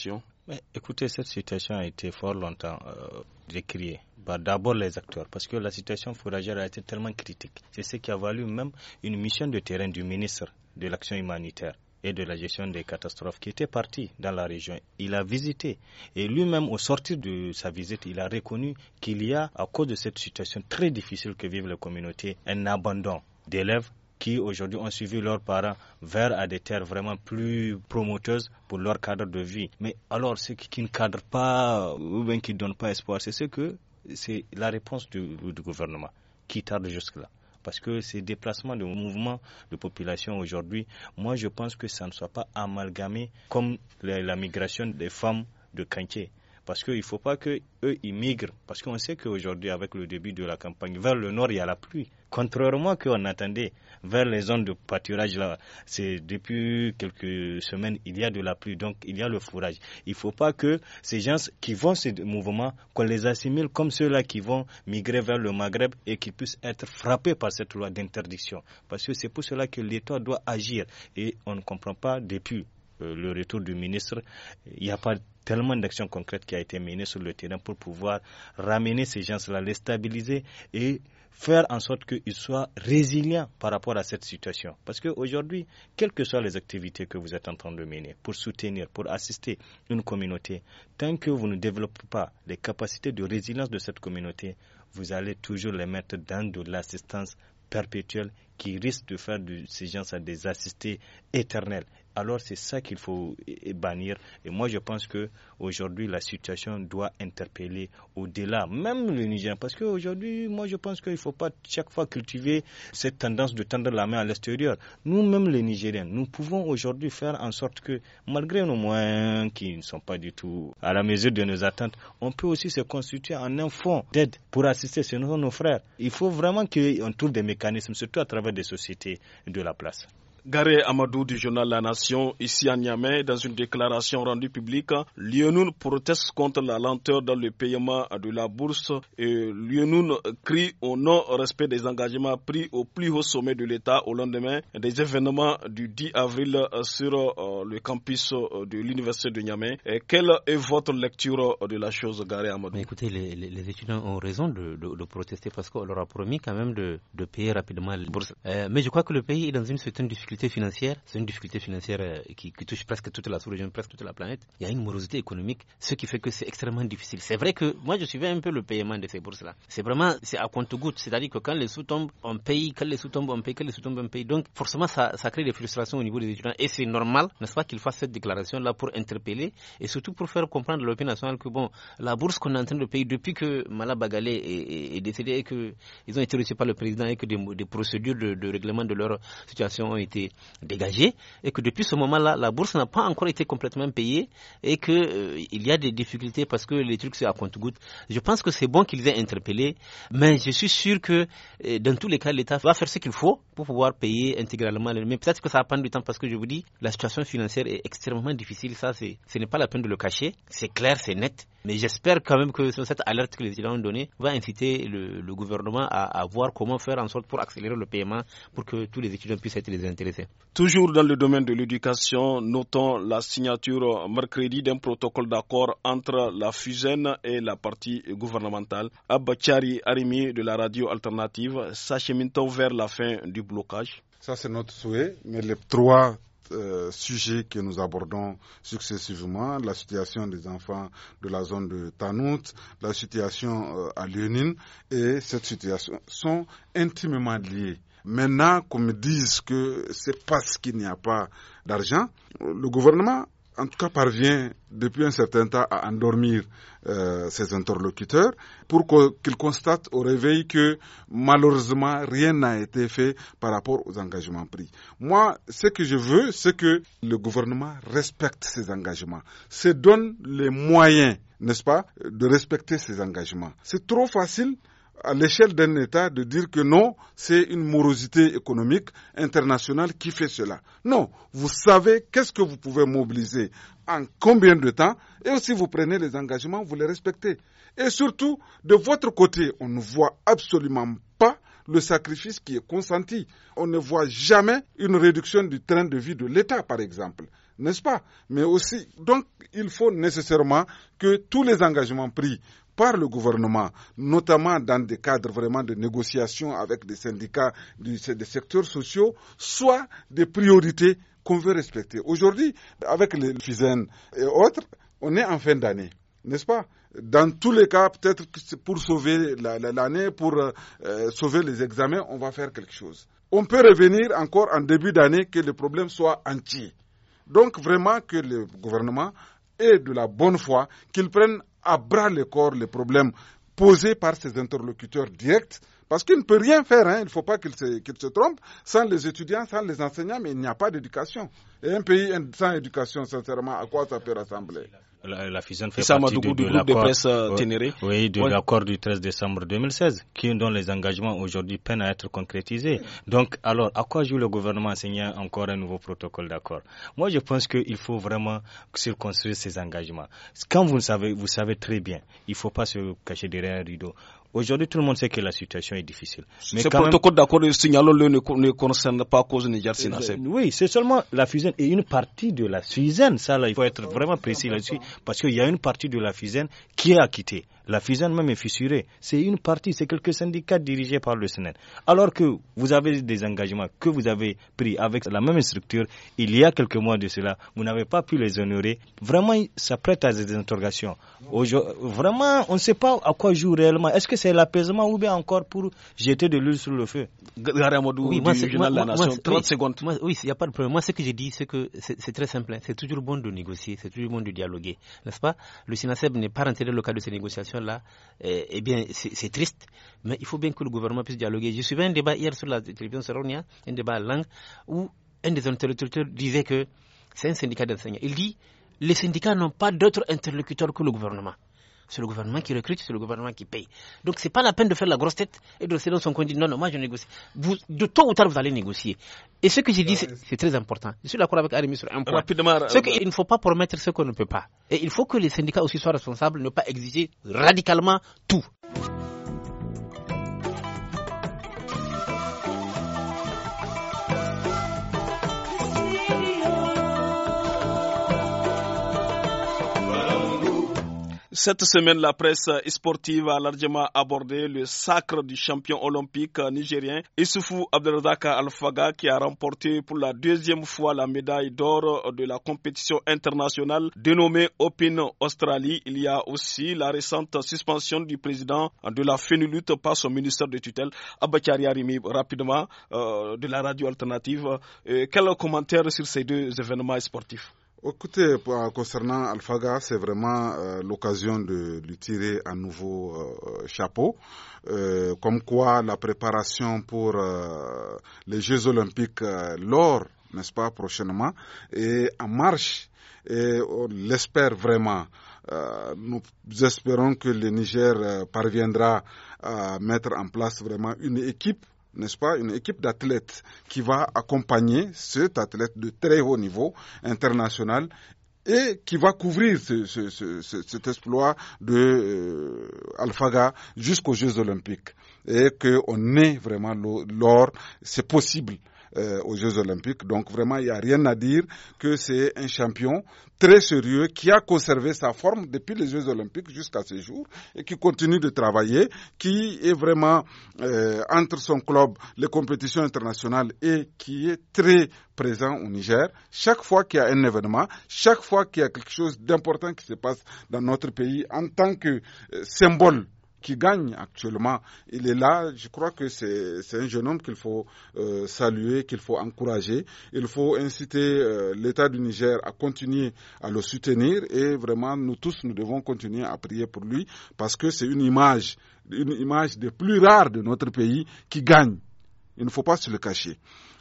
Écoutez, cette situation a été fort longtemps euh, décriée par d'abord les acteurs, parce que la situation fourragère a été tellement critique. C'est ce qui a valu même une mission de terrain du ministre de l'Action humanitaire et de la gestion des catastrophes qui était parti dans la région. Il a visité et lui-même, au sortir de sa visite, il a reconnu qu'il y a, à cause de cette situation très difficile que vivent les communautés, un abandon d'élèves, qui aujourd'hui ont suivi leurs parents vers à des terres vraiment plus promoteuses pour leur cadre de vie. Mais alors, ceux qui, ne cadrent pas ou bien qui ne donnent pas espoir, c'est ce que c'est la réponse du, gouvernement qui tarde jusque-là parce que ces déplacements de mouvements de population aujourd'hui, moi je pense que ça ne soit pas amalgamé comme la, migration des femmes de quartier. Parce qu'il ne faut pas qu'eux, ils migrent. Parce qu'on sait qu'aujourd'hui, avec le début de la campagne, vers le nord, il y a la pluie contrairement à ce qu'on attendait vers les zones de pâturage là, c'est depuis quelques semaines, il y a de la pluie, donc il y a le fourrage. Il ne faut pas que ces gens qui vont ces mouvements, qu'on les assimile comme ceux-là qui vont migrer vers le Maghreb et qui puissent être frappés par cette loi d'interdiction. Parce que c'est pour cela que l'État doit agir et on ne comprend pas depuis euh, le retour du ministre, il n'y a pas tellement d'actions concrètes qui a été menées sur le terrain pour pouvoir ramener ces gens-là, les stabiliser et faire en sorte qu'ils soient résilients par rapport à cette situation. Parce qu'aujourd'hui, quelles que soient les activités que vous êtes en train de mener pour soutenir, pour assister une communauté, tant que vous ne développez pas les capacités de résilience de cette communauté, vous allez toujours les mettre dans de l'assistance perpétuelle qui risque de faire de ces gens des assistés éternels alors c'est ça qu'il faut bannir. Et moi, je pense que aujourd'hui, la situation doit interpeller au-delà, même le Niger, parce qu'aujourd'hui, moi, je pense qu'il ne faut pas chaque fois cultiver cette tendance de tendre la main à l'extérieur. nous même les Nigériens, nous pouvons aujourd'hui faire en sorte que, malgré nos moyens qui ne sont pas du tout à la mesure de nos attentes, on peut aussi se constituer en un fonds d'aide pour assister ce nos frères. Il faut vraiment qu'on trouve des mécanismes, surtout à travers des sociétés de la place. Garé Amadou du journal La Nation, ici à Niamey, dans une déclaration rendue publique, Lyonoun proteste contre la lenteur dans le paiement de la bourse et Lyonoun crie au non-respect des engagements pris au plus haut sommet de l'État au lendemain des événements du 10 avril sur euh, le campus de l'Université de Niamey. Quelle est votre lecture de la chose, Garé Amadou Écoutez, les, étudiants ont raison de, protester parce qu'on leur a promis quand même de, payer rapidement la bourse. Euh, mais je crois que le pays est dans une certaine difficulté difficulté financière, c'est une difficulté financière euh, qui, touche presque toute la sous-région, presque toute la planète. Il y a une morosité économique, ce qui fait que c'est extrêmement difficile. C'est vrai que moi, je suivais un peu le paiement de ces bourses-là. C'est vraiment, c'est à compte-goutte. C'est-à-dire que quand les sous tombent, on paye, quand les sous tombent, on paye, quand les sous tombent, on paye. Donc, forcément, ça, crée des frustrations au niveau des étudiants. Et c'est normal, n'est-ce pas, qu'ils fassent cette déclaration-là pour interpeller et surtout pour faire comprendre à l'opinion nationale que, bon, la bourse qu'on est en train de payer depuis que Mala est, décédé et qu'ils ont été reçus par le président et que des, procédures de règlement de leur situation ont été dégagé et que depuis ce moment-là, la bourse n'a pas encore été complètement payée et que euh, il y a des difficultés parce que les trucs c'est à compte-goutte. Je pense que c'est bon qu'ils aient interpellé, mais je suis sûr que euh, dans tous les cas, l'État va faire ce qu'il faut pour pouvoir payer intégralement. Mais peut-être que ça va prendre du temps parce que je vous dis, la situation financière est extrêmement difficile. Ça, ce n'est pas la peine de le cacher. C'est clair, c'est net. Mais j'espère quand même que cette alerte que les étudiants ont donnée va inciter le, gouvernement à, voir comment faire en sorte pour accélérer le paiement pour que tous les étudiants puissent être les intéressés. Toujours dans le domaine de l'éducation, notons la signature mercredi d'un protocole d'accord entre la FUSEN et la partie gouvernementale. Abachari Arimi de la radio alternative sachemine vers la fin du blocage Ça, c'est notre souhait, mais les trois euh, sujets que nous abordons successivement, la situation des enfants de la zone de Tanout, la situation euh, à Lyonine et cette situation sont intimement liées. Maintenant qu'on me dise que c'est parce qu'il n'y a pas d'argent, le gouvernement en tout cas, parvient depuis un certain temps à endormir euh, ses interlocuteurs pour qu'ils constatent au réveil que malheureusement rien n'a été fait par rapport aux engagements pris. Moi, ce que je veux, c'est que le gouvernement respecte ses engagements, se donne les moyens n'est-ce pas, de respecter ses engagements. C'est trop facile à l'échelle d'un État de dire que non, c'est une morosité économique internationale qui fait cela. Non, vous savez qu'est-ce que vous pouvez mobiliser, en combien de temps, et aussi vous prenez les engagements, vous les respectez. Et surtout, de votre côté, on ne voit absolument pas le sacrifice qui est consenti. On ne voit jamais une réduction du train de vie de l'État, par exemple. N'est-ce pas Mais aussi, donc, il faut nécessairement que tous les engagements pris par le gouvernement, notamment dans des cadres vraiment de négociations avec des syndicats des secteurs sociaux, soit des priorités qu'on veut respecter. Aujourd'hui, avec les FISEN et autres, on est en fin d'année, n'est-ce pas dans tous les cas, peut-être pour sauver l'année, pour euh, sauver les examens, on va faire quelque chose. On peut revenir encore en début d'année que le problème soit entier. Donc vraiment que le gouvernement ait de la bonne foi, qu'il prenne à bras le corps les problèmes posés par ses interlocuteurs directs parce qu'il ne peut rien faire, hein. il ne faut pas qu'il se, trompe, sans les étudiants, sans les enseignants, mais il n'y a pas d'éducation. Et un pays sans éducation, sincèrement, à quoi ça peut rassembler la, fusion fait partie de, du euh, Oui, de l'accord du 13 décembre 2016, qui, dont les engagements aujourd'hui peinent à être concrétisés. Donc, alors, à quoi joue le gouvernement en encore un nouveau protocole d'accord Moi, je pense qu'il faut vraiment circonstruire ces engagements. Quand vous le savez, vous savez très bien, il ne faut pas se cacher derrière un rideau. Aujourd'hui, tout le monde sait que la situation est difficile. Mais ce protocole d'accord, signalons-le, ne, ne, concerne pas cause Niger Sinase. Euh, euh, oui, c'est seulement la fusaine et une partie de la fusaine. Ça, là, il faut être ah, vraiment précis là-dessus parce qu'il y a une partie de la fusaine qui est acquittée. La fusion même est fissurée. C'est une partie, c'est quelques syndicats dirigés par le Sénat Alors que vous avez des engagements que vous avez pris avec la même structure, il y a quelques mois de cela, vous n'avez pas pu les honorer. Vraiment, ça prête à des interrogations. Vraiment, on ne sait pas à quoi joue réellement. Est-ce que c'est l'apaisement ou bien encore pour jeter de l'huile sur le feu oui, oui, secondes. oui, il n'y a pas de problème. Moi, ce que j'ai dit, c'est que c'est très simple. Hein. C'est toujours bon de négocier, c'est toujours bon de dialoguer. N'est-ce pas Le SINASEB n'est pas rentré dans le cadre de ces négociations là eh, eh, bien, c'est triste. Mais il faut bien que le gouvernement puisse dialoguer. Je suivais un débat hier sur la télévision Saronia, un débat à langue, où un des interlocuteurs disait que c'est un syndicat d'enseignants. Il dit les syndicats n'ont pas d'autres interlocuteurs que le gouvernement. C'est le gouvernement qui recrute, c'est le gouvernement qui paye. Donc ce n'est pas la peine de faire la grosse tête et de rester dans son coin non, non, moi je négocie. Vous, de tôt ou tard, vous allez négocier. Et ce que j'ai dit, ah, c'est très important. Je suis d'accord avec Arémi sur un point. Euh, ne faut pas promettre ce qu'on ne peut pas. Et il faut que les syndicats aussi soient responsables, ne pas exiger radicalement tout. Cette semaine, la presse sportive a largement abordé le sacre du champion olympique nigérien Issoufou Abdelraka Al-Faga qui a remporté pour la deuxième fois la médaille d'or de la compétition internationale dénommée Open Australie. Il y a aussi la récente suspension du président de la FENULUT par son ministère de tutelle Abakari Arimi rapidement euh, de la radio alternative. Euh, quel commentaire sur ces deux événements sportifs Écoutez, euh, concernant Alphaga, c'est vraiment euh, l'occasion de lui tirer un nouveau euh, chapeau, comme quoi la préparation pour les Jeux olympiques, l'or, n'est-ce pas, prochainement, est en marche et on l'espère vraiment. nous espérons que le Niger parviendra à mettre en place vraiment une équipe n'est-ce pas, une équipe d'athlètes qui va accompagner cet athlète de très haut niveau international et qui va couvrir cet exploit de euh, jusqu'aux Jeux Olympiques et qu'on ait vraiment l'or, c'est possible. Euh, aux Jeux Olympiques. Donc vraiment, il n'y a rien à dire que c'est un champion très sérieux qui a conservé sa forme depuis les Jeux Olympiques jusqu'à ce jour et qui continue de travailler, qui est vraiment euh, entre son club, les compétitions internationales et qui est très présent au Niger. Chaque fois qu'il y a un événement, chaque fois qu'il y a quelque chose d'important qui se passe dans notre pays en tant que euh, symbole qui gagne actuellement. Il est là, je crois que c'est un jeune homme qu'il faut euh, saluer, qu'il faut encourager. Il faut inciter euh, l'État du Niger à continuer à le soutenir et vraiment nous tous, nous devons continuer à prier pour lui parce que c'est une image, une image des plus rares de notre pays qui gagne. Il ne faut pas se le cacher.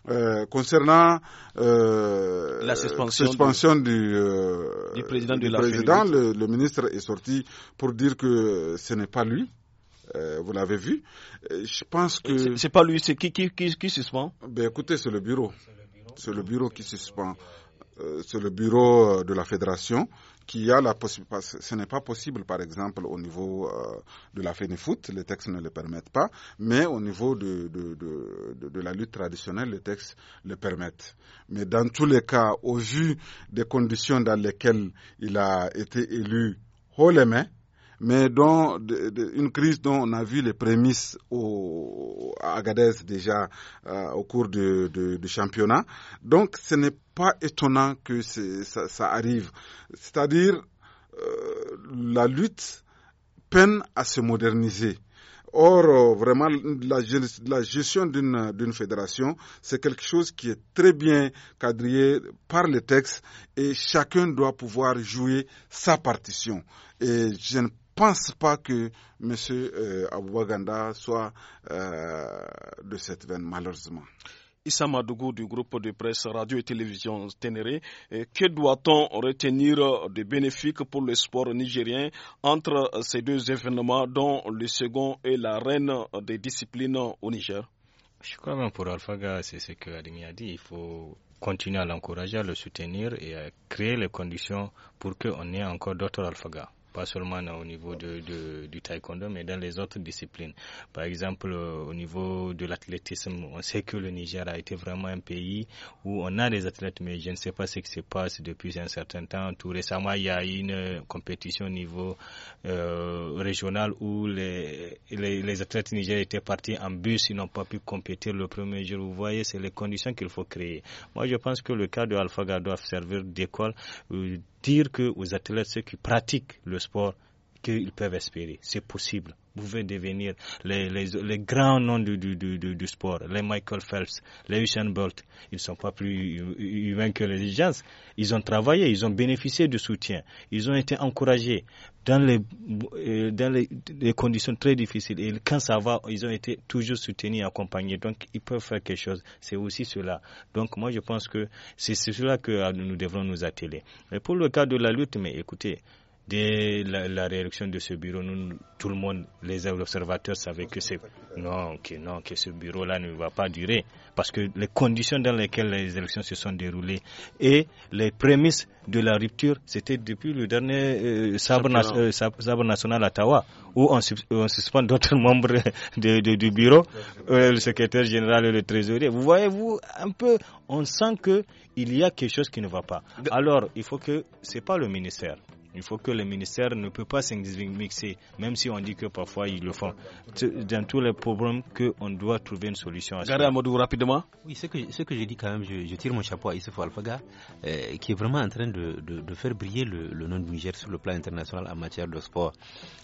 Euh, concernant euh, la suspension, suspension euh, du, président, de la le, ministre est sorti pour dire que ce n'est pas lui. vous l'avez vu. Je pense que. C'est pas lui, c'est qui, qui, qui, qui suspend ben Écoutez, c'est le bureau. C'est le bureau qui suspend. C'est le bureau de la fédération qui a la possibilité. Ce n'est pas possible, par exemple, au niveau euh, de la foot les textes ne le permettent pas, mais au niveau de, de, de, de, la lutte traditionnelle, les textes le permettent. Mais dans tous les cas, au vu des conditions dans lesquelles il a été élu haut les mains, mais dont une crise dont on a vu les prémices au, à Agadez déjà euh, au cours du de, championnat. Donc ce n'est pas étonnant que ça, ça, arrive. C'est-à-dire euh, la lutte peine à se moderniser. Or, euh, vraiment, la, gestion d'une fédération, c'est quelque chose qui est très bien quadrillé par les textes et chacun doit pouvoir jouer sa partition. Et je ne je ne pense pas que M. Euh, Abouaganda soit euh, de cette veine, malheureusement. Issa Madougou du groupe de presse Radio et Télévision Ténéré. Euh, que doit-on retenir de bénéfique pour le sport nigérien entre ces deux événements dont le second est la reine des disciplines au Niger Je crois même pour Alphaga, c'est ce que Adimi a dit, il faut continuer à l'encourager, à le soutenir et à créer les conditions pour qu'on ait encore d'autres Alphaga pas seulement au niveau de, du taekwondo, mais dans les autres disciplines. Par exemple, euh, au niveau de l'athlétisme, on sait que le Niger a été vraiment un pays où on a des athlètes, mais je ne sais pas ce qui se passe depuis un certain temps. Tout récemment, il y a eu une compétition au niveau euh, régional où les, les, athlètes nigériens étaient partis en bus, ils n'ont pas pu compétir le premier jour. Vous voyez, c'est les conditions qu'il faut créer. Moi, je pense que le cas de Alpha doit servir d'école. Euh, dire que aux athlètes, ceux qui pratiquent le sport, qu'ils peuvent espérer. C'est possible pouvaient devenir les, les, les grands noms du, du, du, du, sport, les Michael Phelps, les Usain Bolt. Ils ne sont pas plus humains que les gens. Ils ont travaillé, ils ont bénéficié du soutien, ils ont été encouragés dans les, euh, dans les, conditions très difficiles. Et quand ça va, ils ont été toujours soutenus, accompagnés. Donc, ils peuvent faire quelque chose. C'est aussi cela. Donc, moi, je pense que c'est cela que nous devons nous atteler. Mais pour le cas de la lutte, mais écoutez, dès la, réélection de ce bureau, tout le monde, les observateurs savaient que c'est non, que non, que ce bureau-là ne va pas durer, parce que les conditions dans lesquelles les élections se sont déroulées et les prémices de la rupture, c'était depuis le dernier euh, euh, sabre, national à Tawa, où on, suspend d'autres membres du bureau, euh, le secrétaire général et le trésorier. Vous voyez, vous, un peu, on sent que il y a quelque chose qui ne va pas. Alors, il faut que Ce n'est pas le ministère, il faut que le ministère ne peut pas s'indexer, même si on dit que parfois ils le font. Dans tous les problèmes, on doit trouver une solution à Modou rapidement. Oui, ce que, ce que je dis quand même, je, tire mon chapeau à Issa Alfaga, euh, qui est vraiment en train de, de, faire briller le, nom du Niger sur le plan international en matière de sport.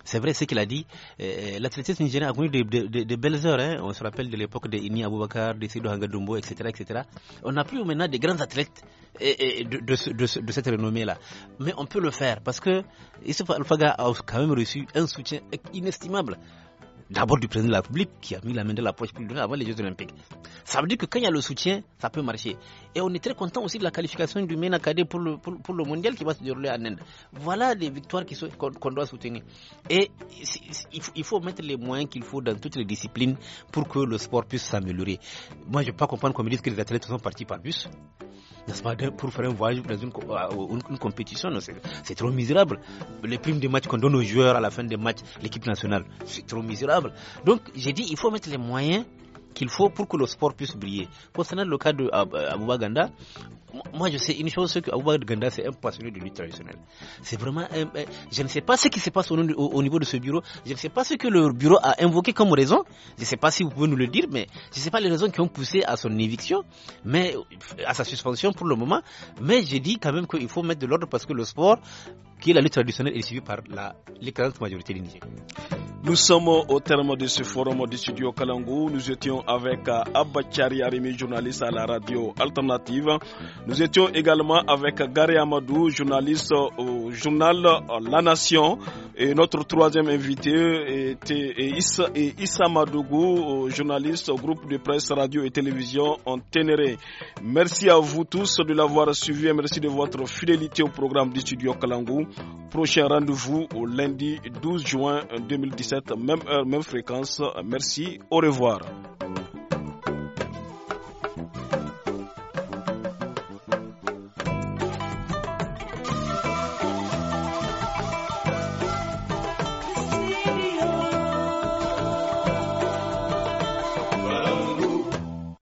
C'est vrai ce qu'il a dit. Euh, euh, l'athlétisme nigérien a connu de, de, belles heures. Hein. On se rappelle de l'époque de Ini Aboubakar, de Sido Hangadumbo, etc., etc. On a plus maintenant des grands athlètes et, euh, et de, cette renommée-là. Mais on peut le faire parce parce que Issef Alfaga a quand même reçu un soutien inestimable. D'abord du président de la République qui a mis la main dans la poche pour lui avant les Jeux Olympiques. Ça veut dire que quand il y a le soutien, ça peut marcher. Et on est très content aussi de la qualification du Ménacadé pour le, pour, le mondial qui va se dérouler à Inde. Voilà les victoires qu'on doit soutenir. Et il faut mettre les moyens qu'il faut dans toutes les disciplines pour que le sport puisse s'améliorer. Moi, je ne peux pas comprendre qu'on me dise que les athlètes sont partis par bus pour faire un voyage dans une, euh, une compétition. C'est trop misérable. Les primes de match qu'on donne aux joueurs à la fin des matchs, l'équipe nationale, c'est trop misérable. Donc, j'ai dit, il faut mettre les moyens qu'il faut pour que le sport puisse briller. Concernant le cas de euh, Ganda, moi je sais une chose, c'est qu'Abouba Ganda c'est un passionné de lutte traditionnelle. C'est vraiment je ne sais pas ce qui se passe au, niveau de ce bureau, je ne sais pas ce que le bureau a invoqué comme raison, je ne sais pas si vous pouvez nous le dire, mais je ne sais pas les raisons qui ont poussé à son éviction, mais à sa suspension pour le moment, mais j'ai dit quand même qu'il faut mettre de l'ordre parce que le sport qui est la lutte traditionnelle et suivie par l'écrasante majorité des Nous sommes au terme de ce forum du studio Kalangou. Nous étions avec euh, Abba journaliste à la radio alternative. Nous étions également avec Gary Amadou, journaliste au journal La Nation. Et notre troisième invité était Issa, Madougou, journaliste au groupe de presse radio et télévision en Ténéré. Merci à vous tous de l'avoir suivi et merci de votre fidélité au programme du studio Kalangou. Prochain rendez-vous au lundi 12 juin 2017, même heure, même fréquence. Merci, au revoir.